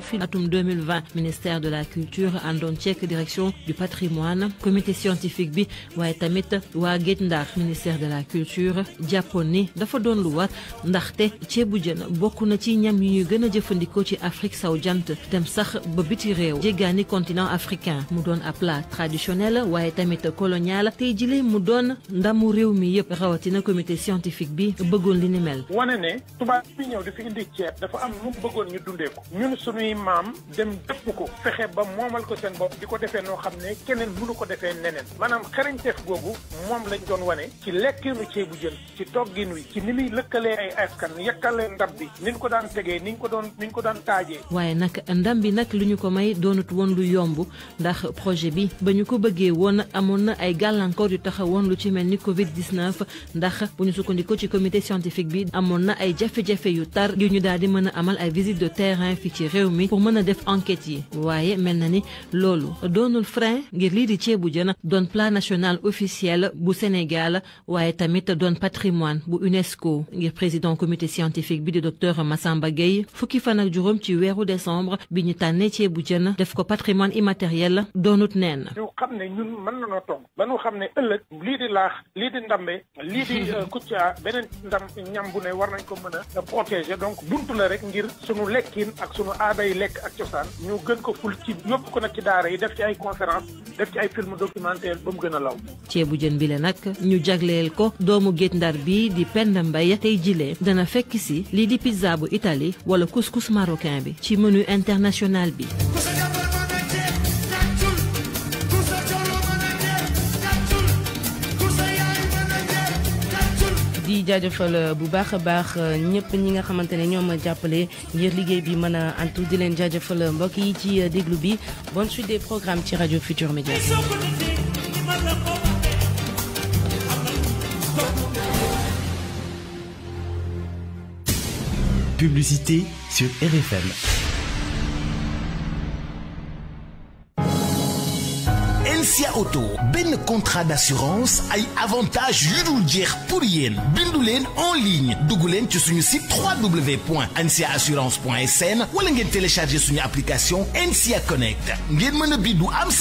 fi atum 2020 ministère de la culture àndoon ceek direction du patrimoine comité scientifique bi waaye tamit waa géej ndaar ministère de la culture jàppoon ni dafa doon lu war ndaxte ceebu jën bokk na ci ñam yi ñuy gën a jëfandikoo ci Afrique saw jant dem sax ba biti réew jéggaani continent africain mu doon ab plat waaye tamit colonial tey jile mu doon ndamu réew mi yëpp rawatina comité scientifique bi bëggoon li ni mel. di fi sunuy maam dem dëpp ko fexe ba moomal ko seen bopp di ko defee noo xam ne keneen mënu ko defee neneen maanaam xarañteef googu moom lañ doon wane ci lekkinu ceebu jën ci toggin wi ci ni muy lëkkalee ay askan yàkkalee ndab bi ni ñu ko daan tegee ni ñu ko doon ni ñu ko daan taajee waaye nag ndam bi nag lu ñu ko may doonut woon lu yomb ndax projet bi ba ñu ko bëggee woon amoon na ay gàllankoor yu taxawoon lu ci mel ni covid 19 ndax bu ñu sukkandikoo ci comité scientifique bi amoon na ay jafe-jafe yu tar a amal ay visite de terrain fi réew mi pour mën a def enquête yi waaye mel na ni loolu doonul frein ngir lii di ceebu jën doon plat national officiel bu Sénégal waaye tamit doon patrimoine bu UNESCO ngir président comité scientifique bi di docteur Massamba Gueye fukki fan ak juróom ci weeru décembre bi ñu tànnee ceebu jën def ko patrimoine immatériel doonut neen. ñu xam ne ñun mën nañoo toog ba ñu xam ne ëllëg lii di laax lii di ndambe lii di euh, kucca beneen ndam ñam bu ne war nañ a la rek ngir sunu lekkin aada yi lekk ak cosaan ñu gën ko ful ci yóbbu ko nag ci daara yi def ci ay conférence def ci ay film documentaire ba mu gën a law ceebu jën bi la nag ñu jagleel ko doomu géej ndar bi di Penda Mbaye tey jilee dana fekk si lii di pizza bu Italie wala couscous marocain bi ci menu international bi jaajëfal euh, bu baax a baax euh, ñëpp ñi nga xamante ne ñoom jàppale ngir liggéey bi mën a antu di leen jaajëfal euh, mbokk yi ci déglu bi bonne suite des programmes ci rajo Futur Média. Publicité sur RFM. Lancia Auto benn contrat d'assurance ay avantages yu jeex pour yéen bindu leen en ligne dugg leen ci suñu site www.anciaassurance.sn wala ngeen télécharger suñu application NCA Connect ngeen mën a bindu am